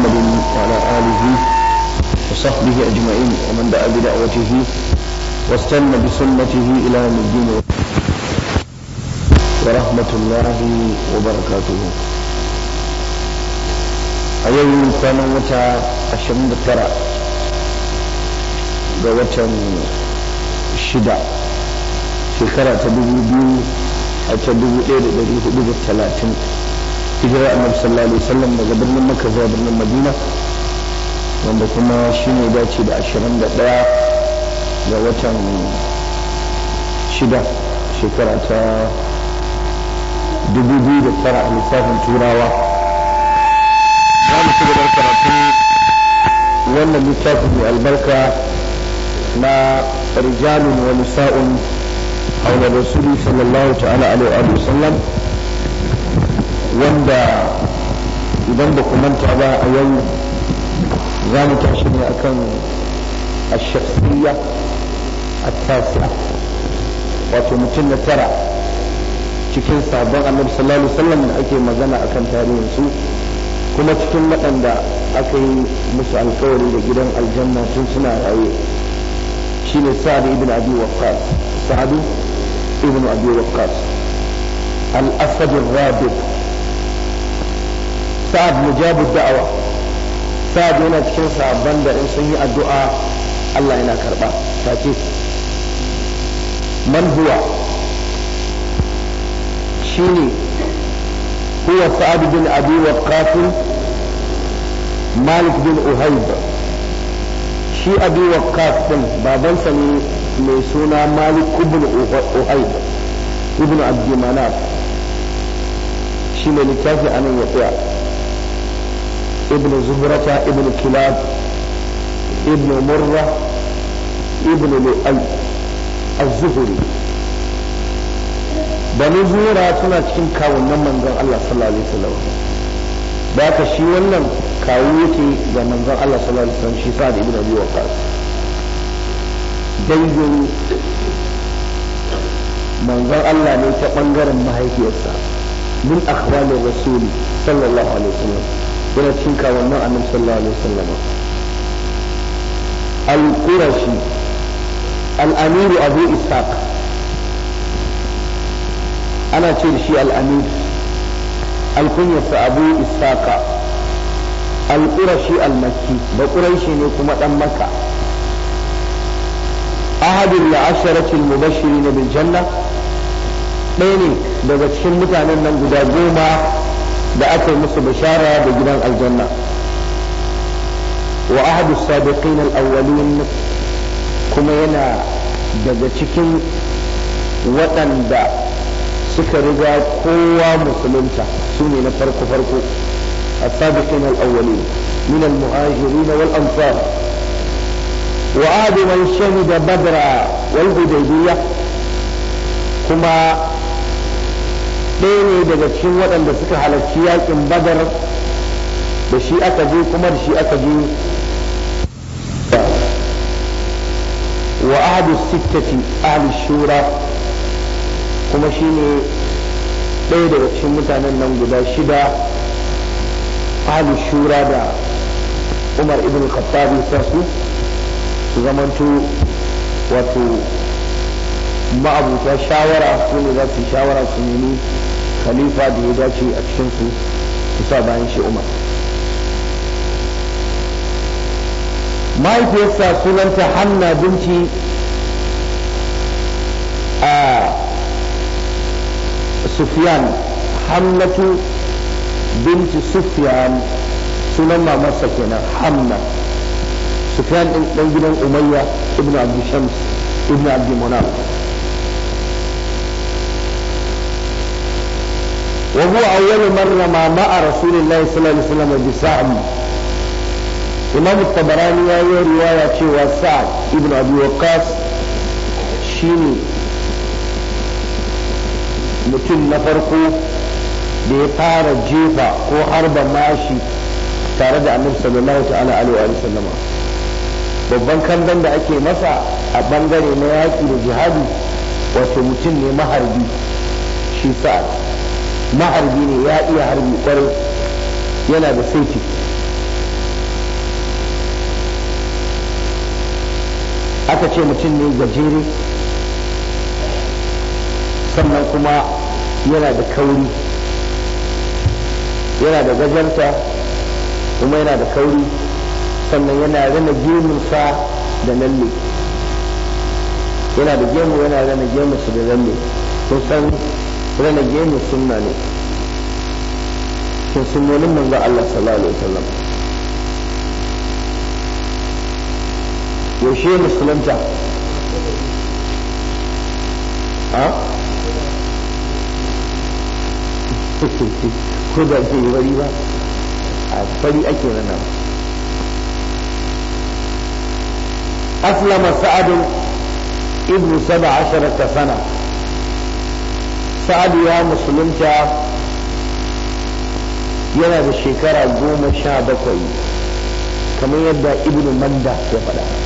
محمد وعلى آله وصحبه أجمعين ومن دعا بدعوته واستنى بسنته إلى يوم الدين ورحمة الله وبركاته أيوم كان وتا أشم ترى الشدع في شكرا تدبو بيو أتدبو إيه لدريه بيو الثلاثين hijirar annabi sallallahu alaihi wasallam daga birnin makka zuwa birnin madina wanda kuma shi ne dace da 21 ga watan shida shekara ta 2009 a lissafin turawa za mu ci gabar karatu wannan littafin mai albarka na rijalun wa nisa'un haula rasuli sallallahu ta'ala alaihi wa wanda idan ba ku manta ba a yau za mu tashi ne akan a tasiya wato mutum na tara cikin sabon annabi sallallahu alaihi da ake magana akan tarihin su kuma cikin waɗanda aka yi musu alkawari da gidan aljanna tun suna raye shi sa'ad ibn abi waqqas sa'adu ibn abi waqqas al-asad sa'ad mujabu da'awa sa'ad yana cikin sahabban da in sun yi addu'a Allah yana karba take man huwa shine huwa sa'ad bin abi waqqas malik bin uhayb shi abi waqqas din babansa ne mai suna malik ibn uhayb ibn abd manaf shi ne littafi anan ya tsaya ابن زمرة ابن كلاب ابن مرة ابن لؤي الزهري bani zura suna cikin kawunan manzon Allah sallallahu alaihi wasallam da ka shi wannan kawu yake ga manzon Allah sallallahu alaihi wasallam shi sa da ibnu abi waqas dangin manzon Allah ne ta bangaren mahaifiyarsa min akhwalir rasuli sallallahu alaihi wasallam yana cikin kawannin annabi sallallahu alaihi wasallam al-qurashi al abu ishaq ana ce da shi al-amir al-kunyarsa abu ishaq al-qurashi al-makki ba quraishi ne kuma dan makka ɗaya ne daga cikin mutanen nan guda goma da aka yi musu bishara da gidan aljanna wa ahadu sabiqin al-awwalin kuma yana daga cikin waɗanda suka riga kowa musulunta su ne na farko farko السابقين الأولين من المهاجرين والأنصار وعاد من شهد بدرا والهديبية كما ɗaya ne daga cikin waɗanda suka halarci yaƙin badar da shi aka je kuma da shi aka je wa ahadu sittati ahli shura kuma shi ne ɗaya daga cikin mutanen nan guda shida ahli shura da umar ibn khattabi sa su su zamanto wato ma'abuta shawara su ne za su shawara su nemi khalifa da ya dace a cikin su su sa bayan shi umar mahaifiyarsa sunanta hanna binci a sufyan hamnatu binci sufyan sunan mamarsa kenan hamna sufyan ɗan gidan umayya ibn abdu shams ibn abdu munaf وهو أول من رمى مع رسول الله صلى الله عليه وسلم بسعد إمام الطبراني يروي رواية وسعد ابن أبي وقاص شيني mutum na farko da ya fara jefa ko harba mashi tare da annabi sallallahu ta'ala alaihi wa babban kallon da ake masa a bangare na yaƙi da jihadi wato mutum ne maharbi shi sa'ad maharbi ne ya iya harbi kwarai yana da saiti aka ce mutum ne gajere sannan kuma yana da kauri yana da gajarta kuma yana da kauri sannan yana rana gemunsa da lalle yana da gemu yana rana gemunsa da lalle kun san rana gemu sunna ne cikin sunnonin manzo Allah sallallahu alaihi wasallam yaushe musulunta a ko da wari ba a fari ake rana أسلم سعد ابن سبع عشرة سنة sa'adu ya musulunta yana da shekara goma sha bakwai kamar yadda ibn manda ya faɗa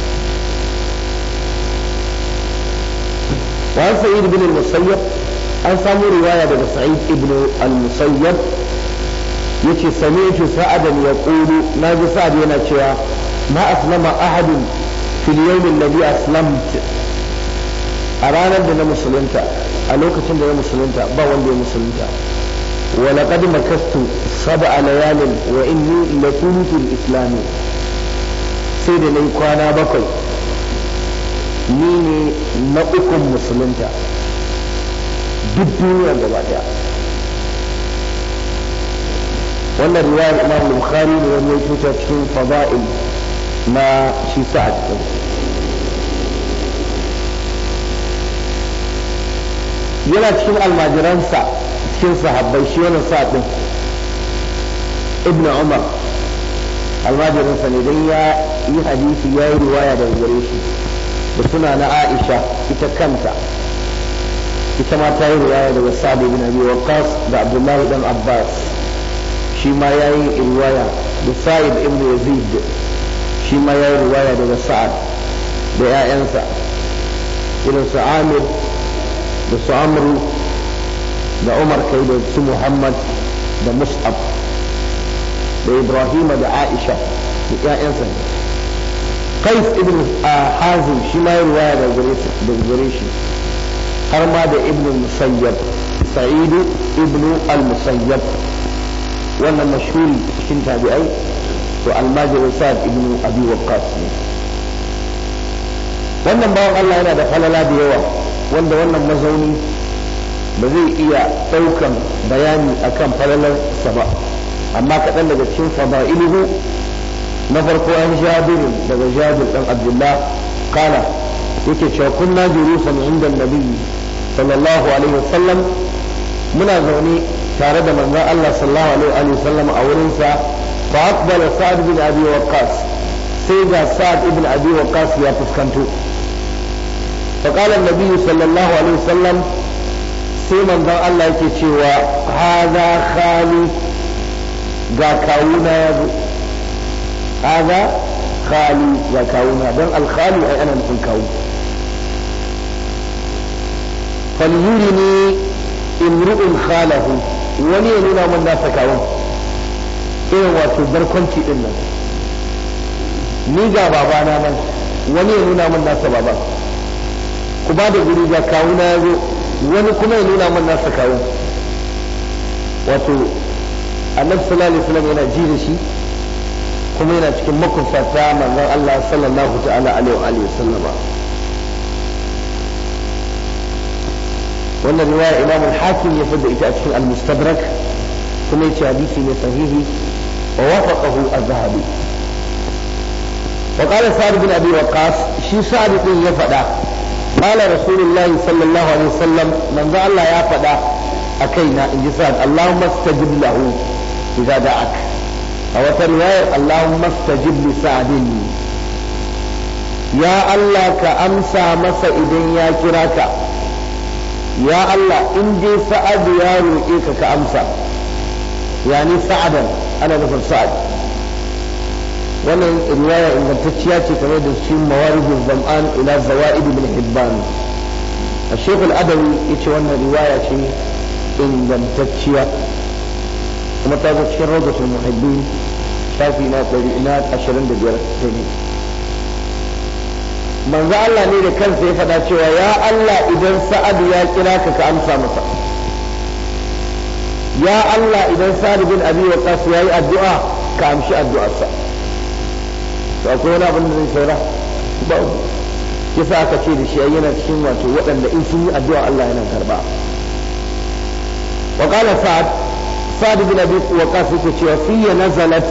وعن سعيد بن المسيب an samu riwaya daga sa'id ibn al ce yace sami'tu sa'adan Na naji sa'ad yana cewa ma aslama ahadun fil yawm aslamt a ranar da na musulunta a lokacin da ya musulunta ba wanda ya musulunta ولقد مكثت سبع ليال sai لكنت الإسلام سيد لي كوانا بقي نيني نقكم مسلمتا بالدنيا جبادا wannan riwayar imam bukhari ne wani ya cikin fada'il na shi sa'ad yana cikin almajiransa cikin sahabbai shi wannan sa'adin ibn umar almajiransa ne don ya yi hadisi ya yi riwaya da gare shi da suna na aisha ita kanta ita ma ta yi riwaya daga sa'ad ibn abi waqas da abdullahi dan abbas shi ma ya yi riwaya da sa'id ibn yazid shi ma ya yi riwaya daga sa'ad da 'ya'yansa irin su amir da su amru da umar kai da su muhammad da mus'ab da ibrahima da aisha da ƴaƴansa kais ibn hazim shi ma riwaya da gare shi har ma da ibn musayyab Sa'idu ibn al-musayyab wannan mashhuri cikin tabi'ai to almajirin sa'ad ibn abi waqqas wannan bawan Allah yana da falala da yawa wanda wannan mazauni ba zai iya ɗaukan bayani akan sa ba amma kaɗan daga cikin ilihu na farko an jabirin daga jabir ɗan abdullah kala yake cewa kunna jurusan inda nabiyyi sallallahu alaihi wasallam muna zaune tare da manzan Allah sallallahu alaihi wasallam a wurinsa fa aqbala sa'ad bin abi waqqas sai ga sa'ad ibn abi waqqas ya fuskanto فقال النبي صلى الله عليه وسلم سيما دان الله يكي شوى هذا خالي غا كاونا هذا خالي غا كاونا دان الخالي أي أنا مثل كاونا فليرني امرؤ خاله ولي نونا من ناس كاونا إيه واتو بركنتي إلا ni ga babana nan wani ya nuna min nasa baban ku ba da guri ga kawuna ya zo wani kuma ya nuna man nasa kawun wato annabi sallallahu alaihi wasallam yana ji da shi kuma yana cikin makusata manzon Allah sallallahu ta'ala alaihi wa sallama wannan riwaya imam al-hakim ya fada ita a cikin al-mustadrak kuma yace hadisi ne sahihi wa wafaqahu az-zahabi wa qala sa'd bin abi waqas shi sa'd din ya faɗa. قال رسول الله صلى الله عليه وسلم من ذا الله يا فدا أكينا إنجسان اللهم استجب له إذا دعك أو رواية اللهم استجب لسعد يا الله كأمسى مسا إذن يا كراكا يا الله إن دي سعد يا روئيك كأمسى يعني سعدا أنا نفر سعد wannan riwaya ingantacciya ce kamar da cikin mawaridul zam'an ila zawaid ibn hibban الشيخ الأدوي يتي وانا رواية شيء إن لم تتشيا كما تابت في روضة المحبين شافي ناس لبئنات أشرين دبيرة تاني من ذا الله نيري كان سيفا ناتشوا يا الله إذا سعد يا كلاك كأمسى مسا يا الله إذا سعد بن أبي وقاس يا الدعاء كأمشي الدعاء سعد to akwai wani abin da zai saura babu yasa aka ce da shi yana cikin wato waɗanda in sun yi addu'a Allah yana karba wa qala sa'ad sa'ad bin abi waqas yake cewa fi nazalat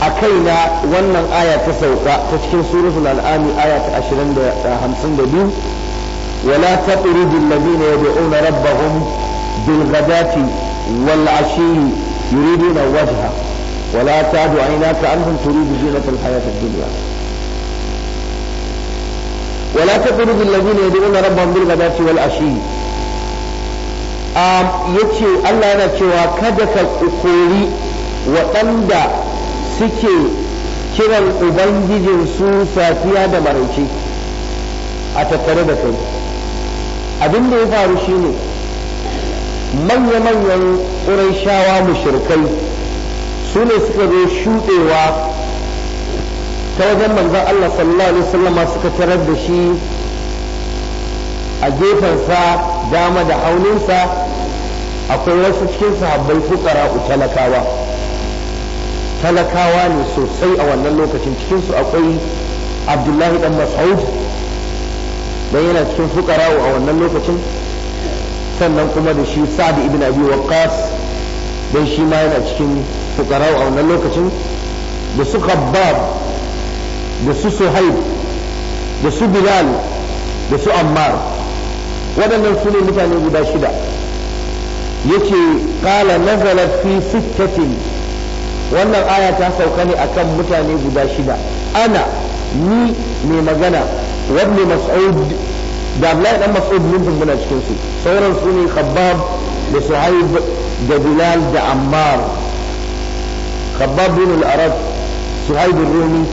a kaina wannan aya ta sauka ta cikin suratul al'ami aya ta 52 ولا تطرد الذين يدعون ربهم wal والعشي yuriduna وجهه ولا تعد عيناك عنهم تريد زينة الحياة الدنيا ولا تطرد الذين يدعون dacewar بالغداة والعشي um, yace Allah yana cewa kada ka kori waɗanda suke kiran Ubangijinsu safiya da maraice a tattare da kai abin da ya faru shine manya-manyan ƙurai shawa mushirikai. su ne suka zo shuɗewa ta wajen manzan Allah sallallahu alaihi wasallama suka tarar da shi a gefensa dama da hauninsa akwai wasu cikin sahabbai fukara talakawa talakawa ne sosai a wannan lokacin cikinsu akwai abdullahi dan mas'ud dan yana cikin fukara a wannan lokacin sannan kuma da shi sa'ad ibn abi waqqas dan shi ma yana cikin fukarau a wannan lokacin da su khabbab da su suhaib da su bilal da su ammar waɗannan su ne mutane guda shida yake kala nazalar fi sittatin wannan aya ta sauka ne akan mutane guda shida ana ni mai magana wani mas'ud da Abdullahi dan Mas'ud mun tumbuna cikinsu sauran su ne Khabbab da Suhaib da Bilal da Ammar khabbab bin al-arab suhaib rumi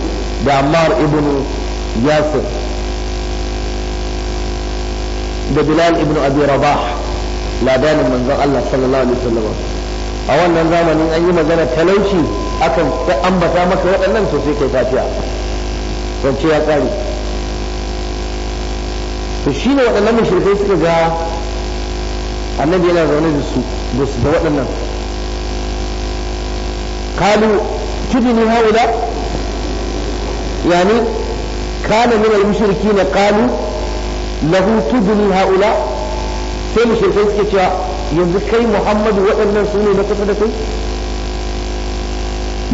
da ammar ibn yasir da bilal ibn abi rabah ladanin manzon Allah sallallahu alaihi wasallam a wannan zamanin an yi magana talauci akan ta ambata maka waɗannan to sai kai fatiha zance ya tsari to shi ne waɗannan mushrikai suka ga annabi yana zaune da su da waɗannan قالوا تدني هؤلاء يعني كان من المشركين قالوا له تدني هؤلاء sai mushrikai suke cewa yanzu kai muhammadu waɗannan su ne na kusa da kai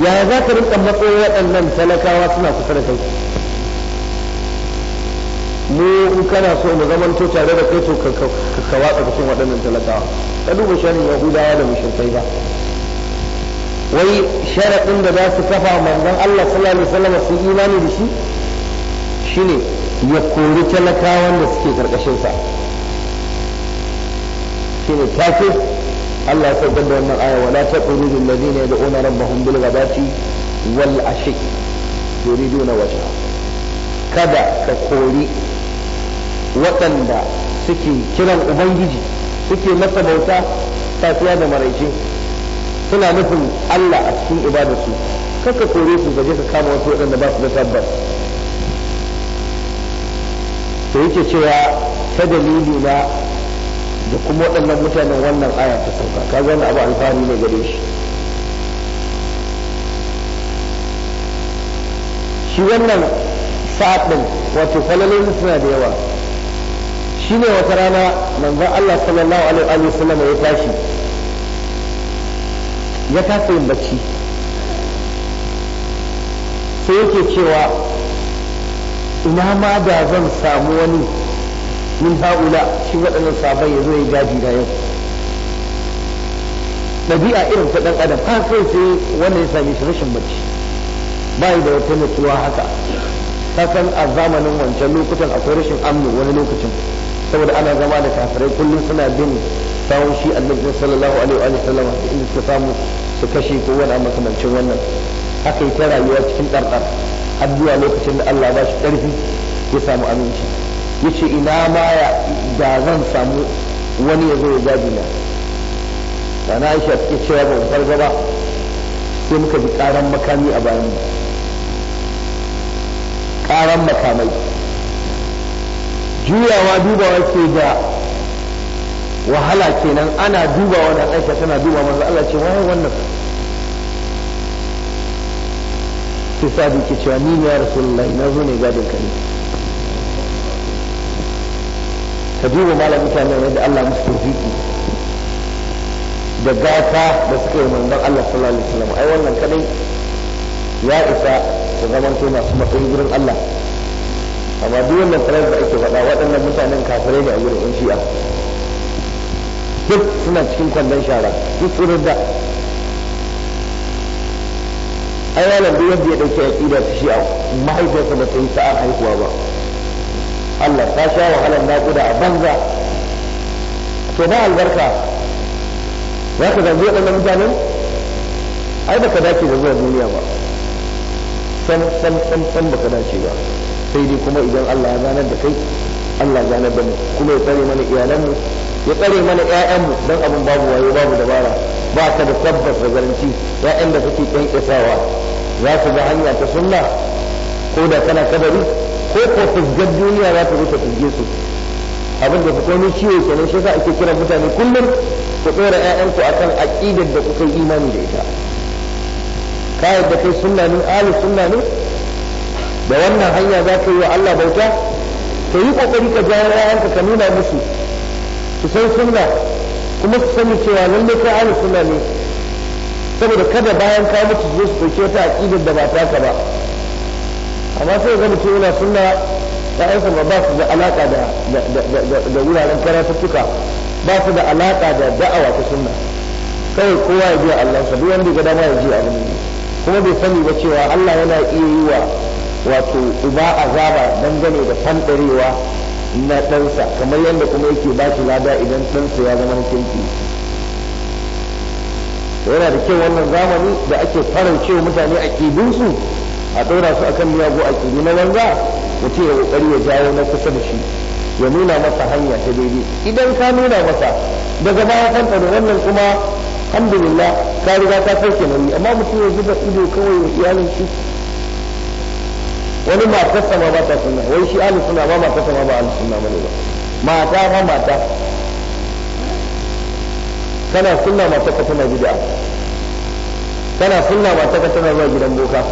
yaya za ka rinka matsayin waɗannan talakawa suna kusa da kai mu in kana so mu zamanto tare da kai to ka watsa cikin waɗannan talakawa ka duba shanin yahudawa da mushrikai ba wai sharaɗin da za su kafa manzon Allah sallallahu alaihi wasallam su imani da shi shine ya kori talakawan da suke karkashin sa shine take Allah ya saukar da wannan aya wala taqulu lil ladina yad'una rabbahum bil ghadati wal ashi yuriduna wajha kada ka kori waɗanda suke kiran ubangiji suke masa bauta safiya da maraice suna nufin Allah a cikin ibadarsu kaka kore su ka ka kama wasu waɗanda ba su da tabbas to yake cewa ta dalili na da kuma waɗannan mutanen wannan aya ta sauka ka gane abu alfahari ne gare shi shi wannan sa'adin wato falalolin suna da yawa shi ne wata rana manzon Allah sallallahu alaihi wasallam ya tashi ya kasa yin bacci sai yake cewa ina ma da zan samu wani min ha'ula shi waɗannan sabai ya zo ya gaji da yau ɗabi'a irin ta ɗan adam ha sai sai wannan ya sami shi rashin bacci ba da wata mutuwa haka ta san a zamanin wancan lokutan akwai rashin amnu wani lokacin saboda ana zama da kafirai kullum suna bin sawun shi annabi sallallahu alaihi wa sallam inda suka samu su kashe ko wani a makamancin wannan aka yi ta rayuwa cikin ɗarɗar har zuwa lokacin da Allah ba shi ƙarfi ya samu aminci ya ce ina ma da zan samu wani ya zo ya gaji na da na aisha ya cewa ba mu farga ba sai muka bi ƙaran makami a bayan ƙaran makamai juyawa dubawa ke da wahala kenan ana duba wannan aisha tana duba manzo Allah ce wai wannan sai sabi ke cewa ni ne ya rasulullahi na zo ne gadin ka ne ka duba malam mutanen yadda Allah musu tawfiki da gata da suka yi manzon Allah sallallahu alaihi wasallam ai wannan kadai ya isa su zaman to masu matsayi gurin Allah amma duk wannan farar da ake faɗa waɗannan mutanen kafirai ne a gurin yan shi'a duk suna cikin kwandon shara duk tsirin da ai yalan duk wanda ya dauki aqida ta shi a mahaifiyarsa ba ta yi sa'ar haihuwa ba Allah ta sha wahalar naƙuda a banza to ba albarka za ka zanzu waɗannan mutanen ai ka dace da zuwa duniya ba san san san san ka dace ba sai dai kuma idan Allah ya zanar da kai Allah ya zanar da mu kuma ya tsare mana iyalanmu ya tsare mana ƴaƴanmu don abin babu wayo babu dabara ba ka da tabbas da garanti ƴaƴan da kake kyankyasawa za su ga hanya ta sunna ko da kana kadari ko ko fusgar duniya za ta zo ta fusge su abin da fito ni ciwo kenan shi yasa ake kiran mutane kullum ku tsora ƴaƴanku akan aqidar da kuka yi imani da ita ka yadda kai sunna ne ahli sunna ne da wannan hanya za ka yi wa Allah bauta ka yi kokari ka jawo ƴaƴanka ka nuna musu su san sunna kuma su sani cewa lalle kai ahli sunna ne saboda kada bayan ka mutu zuwa su dauke ta aqidar da ba ta ka ba amma sai ga mutum yana sunna ya'yansa ba ba su da alaka da da wuraren karatuttuka ba su da alaƙa da da'awa ta sunna kawai kowa ya biya Allah sa duk wanda ya ga dama ya ji abin kuma bai sani ba cewa Allah yana iya yi wa wato uba azaba dangane da fanɗarewa na ɗansa kamar yadda kuma yake ba shi lada idan ɗansa ya zama na kirki yana da kyau wannan zamani da ake fara faraucewa mutane a ƙibinsu a ɗora su akan miyagu a ƙibi na wanga mutum ya ƙoƙari ya jawo na kusa da shi ya nuna masa hanya ta daidai idan ka nuna masa daga baya kan da wannan kuma alhamdulillah ka riga ka sauke nauyi amma mutum ya zuba ido kawai wa iyalin shi wani matarsa ma ba ta sunna wai shi ahlus sunna ba matarsa ma ba ahlus sunna bane ba mata ma mata kana sunna matarka tana gida kana sunna matarka tana zuwa gidan boka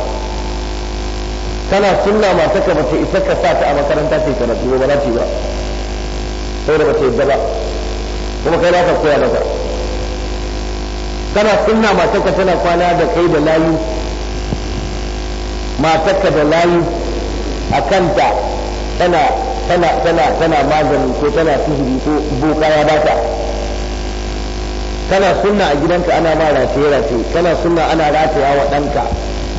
kana suna matarka ba ta isa ka sa ta a makaranta ce karatu ba za ta yi ba saboda ba ta yadda ba kuma kai za ka koya mata kana sunna matarka tana kwana da kai da layu matarka da layu a kanta tana tana tana tana magani ko tana sihiri ko boka ya bata kana sunna a gidanka ana ma rataye rataye kana sunna ana rataya wa ɗanka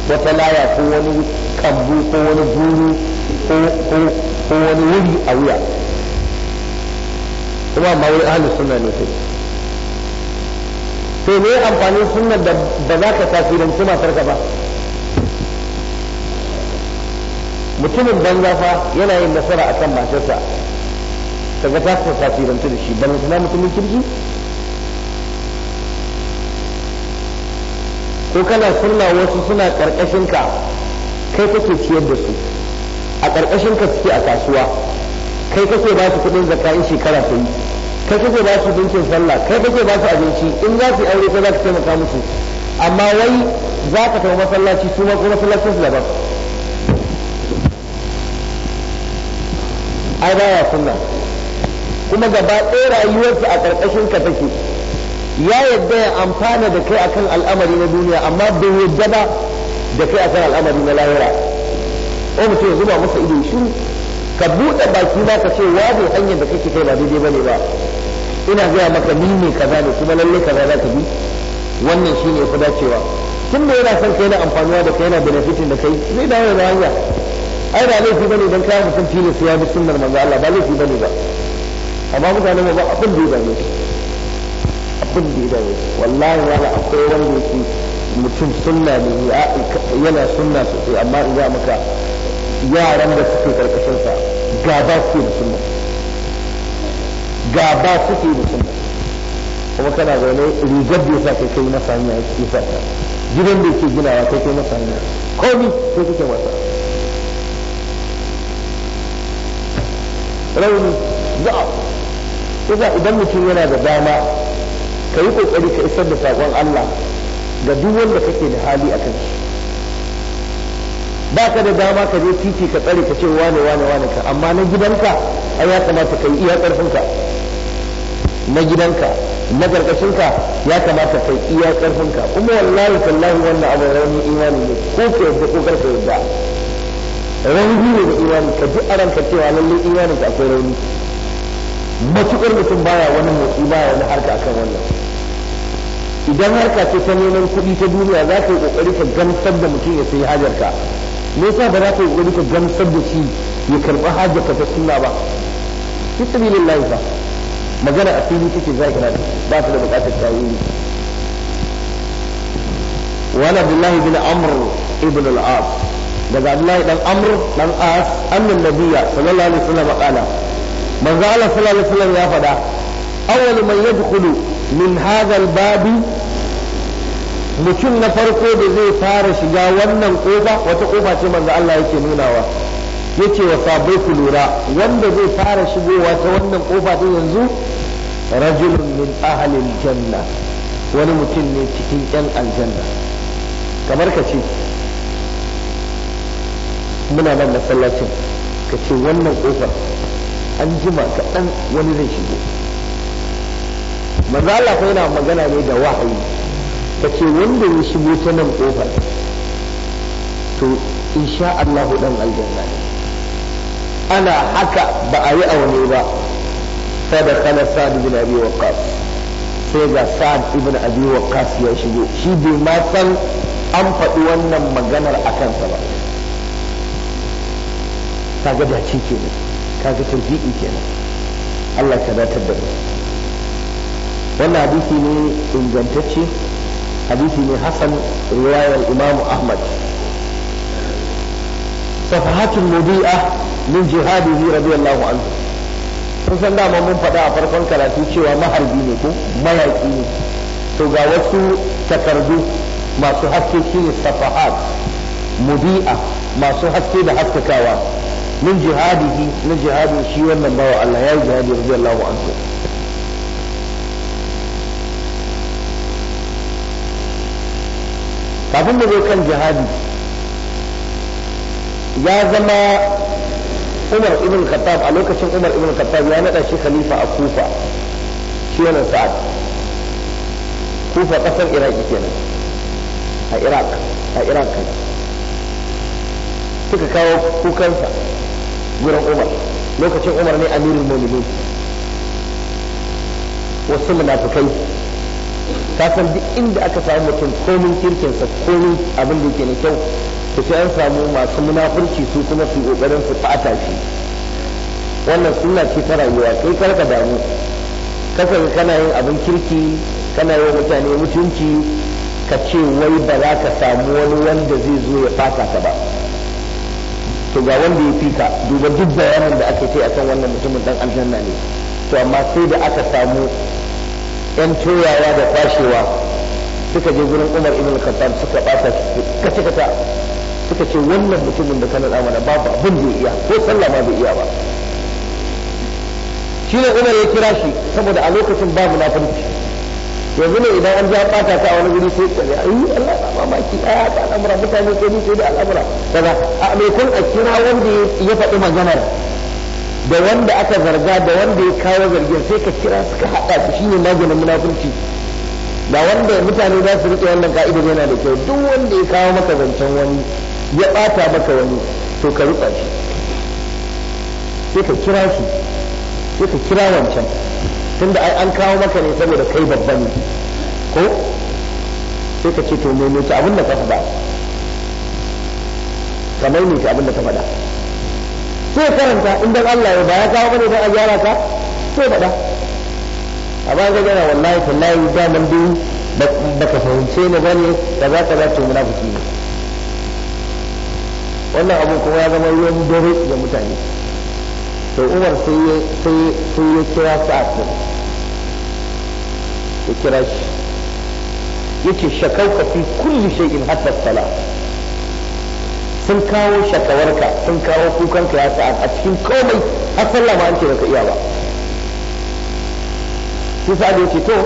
wata laya ko wani kambu ko wani buru ko wani wuri a wuya kuma amma wani ahalin sunna ne sai to me amfanin sunnar da za ka tasiranci matarka ba mutumin banza fa yana yin nasara akan matarsa kaga ta ku tasirantu da shi ban na mutumin kirki ko kana sunna wasu suna karkashin ka kai kake ciyar da su a karkashin ka suke a kasuwa kai kake ba su kudin in shekara ta yi kai kake ba su dinkin sallah kai kake ba su abinci in za su aure ko za ka taimaka musu amma wai za ka taɓa masallaci su ma ko masallacin su ai baya sunna kuma gaba ɗaya rayuwarsa a ƙarƙashin ka take ya yadda ya amfana da kai akan al'amari na duniya amma bai yadda ba da kai akan al'amari na lahira ko mutum ya zuba masa ido shi ka buɗe baki ba ka ce wa ne hanyar da kake kai ba daidai bane ba ina gaya maka ni ne kaza ne kuma lalle kaza za ka bi wannan shine ya fi dacewa tun da yana son kai na amfanuwa da kai yana benefitin da kai zai dawo da hanya ai ba laifi bane dan kawo mutum tilas ya bi sunnar manzo Allah ba laifi bane ba amma mutane ba abin da ya dame abin da ya dame wallahi ya wala akwai wanda yake mutum sunna ne yana sunna sosai amma in ga maka yaran da suke karkashin sa gaba suke da sunna gaba suke da sunna kuma kana zaune rigar da yasa kai kai sami hanya sa gidan da yake ginawa kai kai masa hanya komai sai kake wasa. rauni za'a yasa idan mutum yana da dama ka yi kokari ka isar da sakon Allah ga duk wanda kake da hali a kan shi ba ka da dama ka je titi ka tsare ka ce wane wane wane ka amma na gidanka ai ya kamata ka yi iya karfinka na gidanka na karkashinka ya kamata ka yi iya karfinka kuma wallahi tallahi wannan abin rauni imani ne ko ka yadda ko karka yadda rauni ne da imani ka ji aran cewa lallai imanin ka akwai rauni matuƙar mutum baya wani motsi baya wani harka akan wannan idan harka ce ta neman kuɗi ta duniya za ka yi ƙoƙari ka gamsar da mutum ya sayi hajarka me yasa ba za ka yi ƙoƙari ka gamsar da shi ya karɓi hajarka ta sunna ba fi sabilillahi fa magana a fili take zahira ba ta da buƙatar yi وعن abdullahi bin بن عمرو بن العاص daga Abdullahi dan Amr dan As annan nabiyya sallallahu alaihi wasallam qala manzo Allah sallallahu alaihi wasallam ya faɗa awwal man yadkhulu min hadha al-babi mutum na farko da zai fara shiga wannan kofa wata kofa ce manzo Allah yake nunawa yace wa sabai ku lura wanda zai fara shigowa ta wannan kofa ta yanzu rajulun min ahli al-janna wani mutum ne cikin yan aljanna kamar ka ce muna nan masallacin ka ce wannan kofar an jima kaɗan wani zai shigo manzo Allah yana magana ne da wahayi ka ce wanda ya shigo ta nan kofar to insha Allah dan aljanna ne ana haka ba a yi aure ba fa da kana sa'd ibn abi waqqas sai ga sa'd ibn abi waqqas ya shigo shi bai ma san an faɗi wannan maganar akan sa ba kaga dace kenan kaga tawfiqi kenan Allah ka datar da mu wannan hadisi ne ingantacce hadisi ne hasan riwayar imamu ahmad safahatul mudi'a min jihadi radiyallahu anhu kun san dama mun faɗa a farkon karatu cewa maharbi ne ko mayaƙi ne to ga wasu takardu masu haske shine safahat mudi'a masu haske da haskakawa min jihadihi na jihadin shi wannan bawa Allah ya yi jihadi radiyallahu anhu kafin da zai kan jihadi ya zama Umar ibn Khattab a lokacin Umar ibn Khattab ya nada shi khalifa a Kufa shi wannan sa'ad Kufa kasar Iraki kenan a Iraq a Iraq suka kawo kukansa gudan umar lokacin umar ne amirin mu'minin wasu munafukai ka san duk inda aka samu mutum komin kirkinsa komin abin da yake na kyau to ce an samu masu munafurci su kuma su kokarin su fata shi wannan suna ce ta rayuwa kai karka damu kasan kana yin abin kirki kana yi mutane mutunci ka ce wai ba za ka samu wani wanda zai zo ya fata ka ba to ga wanda ya fi ka duba duk bayanin da ake kai akan wannan mutumin dan aljanna ne to amma sai da aka samu yan toyawa da kwashewa suka je gurin Umar ibn Khattab suka bata kace kata suka ce wannan mutumin da kana mana babu abin da iya ko sallah ma bai iya ba shi ne Umar ya kira shi saboda a lokacin babu munafurci yanzu ne idan an ja bata ta a wani guri sai kare ayi Allah na mamaki a haka al'amura mutane ko ni sai da al'amura kaza a mai kun a kira wanda ya faɗi maganar da wanda aka zarga da wanda ya kawo zargin sai ka kira suka haɗa su shine maganin munafurci da wanda mutane za su riƙe wannan ka'ida yana da kyau duk wanda ya kawo maka zancen wani ya ɓata maka wani to ka rufa shi sai ka kira shi sai ka kira wancan tunda da an kawo maka ne saboda kai babban ne ko sai ka ce to ta abin da ka faɗa ka ta abin da ka faɗa sai karanta in dan Allah ya ba ya kawo mana dan ajara ka sai faɗa amma ga gana wallahi tallahi da biyu dai ka fahimce ni ne da za ka za to munafiki ne wannan abu kuma ya zama ruwan dare ga mutane to umar sai ya kira a ya kira shi shakar shakauka fi kulli shay'in hatta sala sun kawo shakawarka sun kawo kukanka ya sa'ad a cikin komai har sallah ma an ce baka iya ba sai sa'ad ya ce to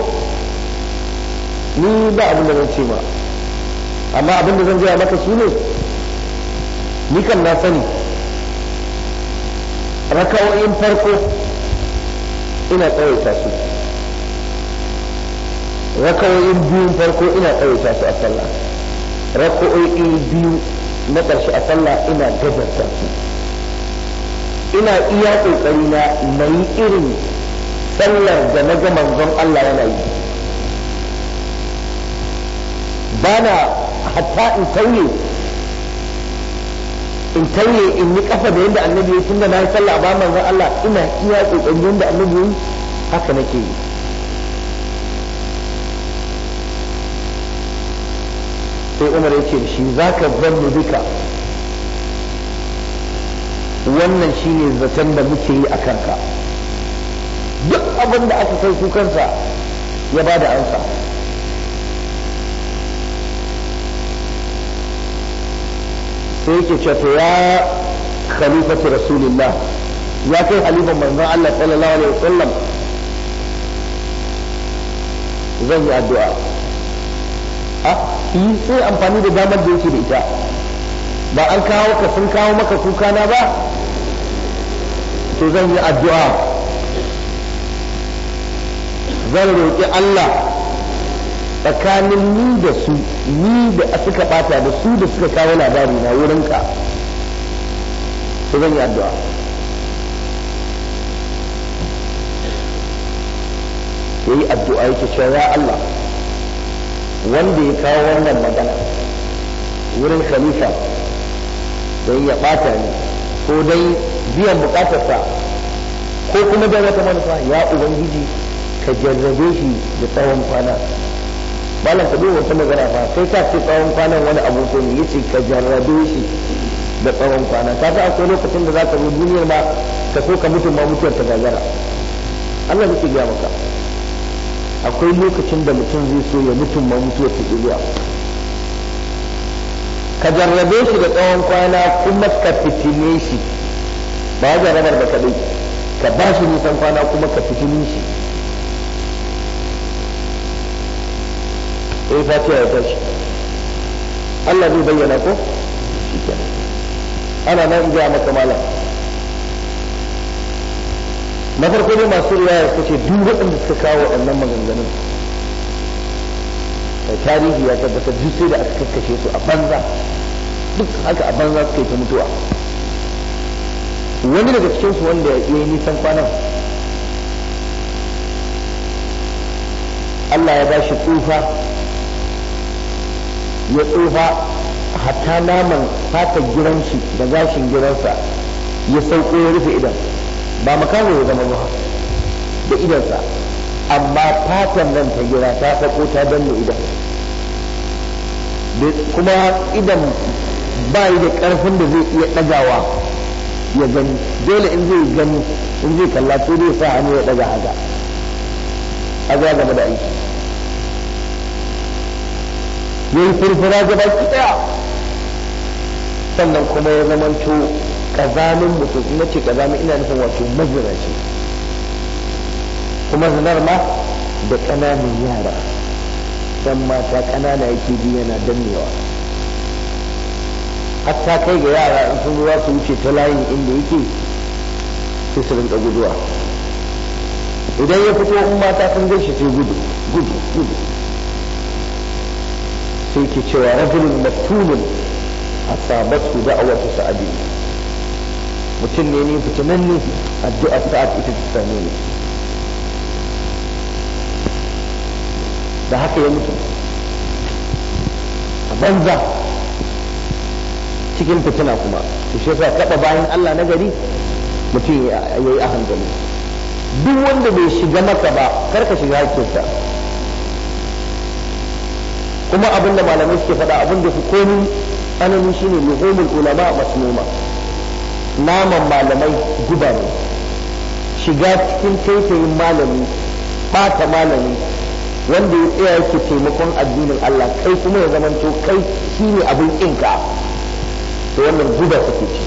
ni ba abin da zan ce ma amma abin da zan gaya maka shine ni kan na sani raka'o'in farko ina tsawaita su raka'o'in biyun farko ina tsawaita su a sallah raka'o'in biyu na ƙarshe a sallah ina gajarta su ina iya ƙoƙari na na yi irin sallar da na ga manzon Allah yana yi ba na hatta in tauye in tauye in yi kafa da yadda annabi ya tunda na yi sallah ba manzon Allah ina iya kokarin yadda annabi ya yi haka nake yi sai Umar ya ce shi zaka zanni duka wannan shine zaton da muke yi a kanka duk abinda da aka kai kukansa ya ba da ansa sai yake cewa to ya khalifatu rasulillah ya kai halifan manzon Allah sallallahu alaihi wasallam zan yi addu'a a ah, yi sai amfani da damar da yake da ita ba an kawo ka sun kawo maka kuka na ba to zan yi addu'a zan roƙi Allah tsakanin ni da su ni da suka bata da su da suka kawo labari na wurinka to zan yi addu'a ya yi addu'a yake cewa ya Allah wanda ya kawo wannan magana wurin khalifa don ya bata ni ko dai biyan bukatarsa ko kuma da wata manufa ya ubangiji ka jarrabe shi da tsawon kwana malam ka duba wata magana fa kai ka ce tsawon kwanan wani abu ko ne yace ka jarrabe shi da tsawon kwana ka ga akwai lokacin da zaka zo duniyar ma ka so ka mutu ma mutuwar ta gagara Allah yake gaya maka akwai lokacin da mutum zai so ya mutum ma mutuwar ta zuwa ka jarrabe shi da tsawon kwana kuma ka fitine shi ba jarrabar da kadai ka bashi shi nisan kwana kuma ka fitine shi in eh, Fatiya ya tashi Allah zai bayyana ko ana nan ga maka malam na farko ne masu riwaya suka ce duk waɗanda suka kawo wannan maganganun tarihi ya tabbatar duk sai da aka kakkashe su a banza duk haka a banza suka yi ta mutuwa wani daga cikin su wanda ya yi nisan kwanan Allah ya ba shi tsufa ya tsufa hatta naman fatar shi da gashin giransa ya sauko ya rufe idan ba makamu ya zama ba da idansa amma fatan nan ta gira ta sako ta danne idan kuma idan ba yi da karfin da zai iya ɗagawa ya gani dole in zai gani in zai kalla sai dai sa hannu ya ɗaga haka a gaba da aiki ya yi furfura ga baki daya sannan kuma ya zamanto kazamin mutum ina ce kazamin ina nufin wato ce kuma zinar ma da ƙananan yara don mata ƙanana yake bi yana dannewa hatta kai ga yara in sun ruwa su wuce ta layin inda yake sai su rinka guduwa idan ya fito in mata sun gaishe sai gudu gudu gudu sai ke cewa rajulun maftulun asabatu da'awatu sa'adi mutum ne ne fitinan ne addu'a sa'ad ita ta same ne da haka ya mutu a banza cikin fitina kuma to shi yasa taba bayan Allah na gari mutum ya yi a hankali duk wanda bai shiga maka ba karka shiga hakkinsa kuma abin da malamai suke faɗa abin da su komi tsanani shine luhumul ulama a masnuma naman malamai guba ne shiga cikin taitayin malami ɓata malami wanda ya tsaya yake taimakon addinin Allah kai kuma ya zamanto kai shine abin inka to wannan guba kake ci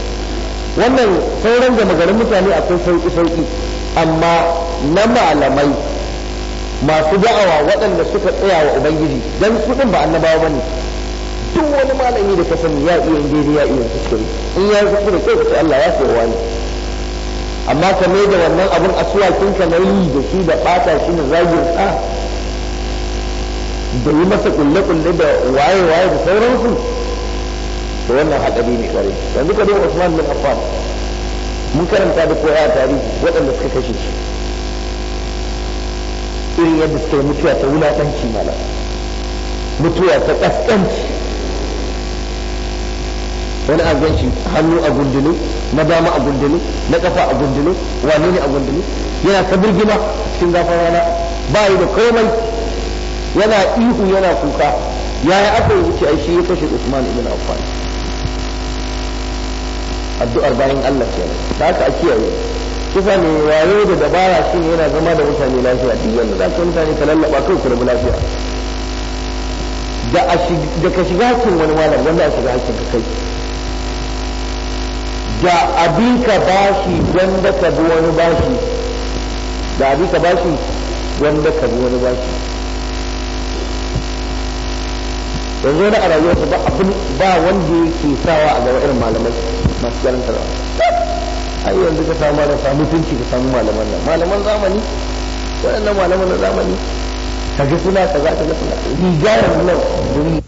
wannan sauran gama garin mutane akwai sauki sauki amma na malamai masu da'awa waɗanda suka tsaya wa ubangiji dan su ba annabawa bane duk wani malami da ka sani ya iya yin daidai ya iya kuskure in ya kuskure sai ka ce Allah ya ce wani amma ka mai da wannan abin kin ka na yi da shi da bata shi da zagin sa da yi masa kulle-kulle da waye-waye da sauransu to wannan haɗari ne kare yanzu ka duba Usman bin Affan mun karanta da koya tarihi waɗanda suka kashe shi irin yadda suka yi mutuwa ta wulaƙanci mala mutuwa ta ƙasƙanci wani an hannu a gundulu na dama a gundulu na ƙafa a gundulu wane ne a gundulu yana ta birgima cikin gafar rana ba yi da komai yana ihu yana kuka yaya aka yi wuce ai shi ya kashe Usman ibn Affan addu'ar bayan Allah kenan da haka a kiyaye kusa ne wayo da dabara shi ne yana zama da mutane lafiya duk yanda za ka mutane ka lallaba kai ku rabu lafiya da ka shiga hakkin wani malam wanda a shiga hakkin ka kai da abin ka bashi wanda ka bi wani bashi da abin ka bashi wanda ka bi wani bashi yanzu wani a rayuwarsa ba abin ba wanda yake sawa a gaba irin malamai masu karantarwa ai yanzu ka samu da samu tunci ka samu malaman nan malaman zamani waɗannan malaman na zamani kaga suna kaza kaza suna riga yanzu nan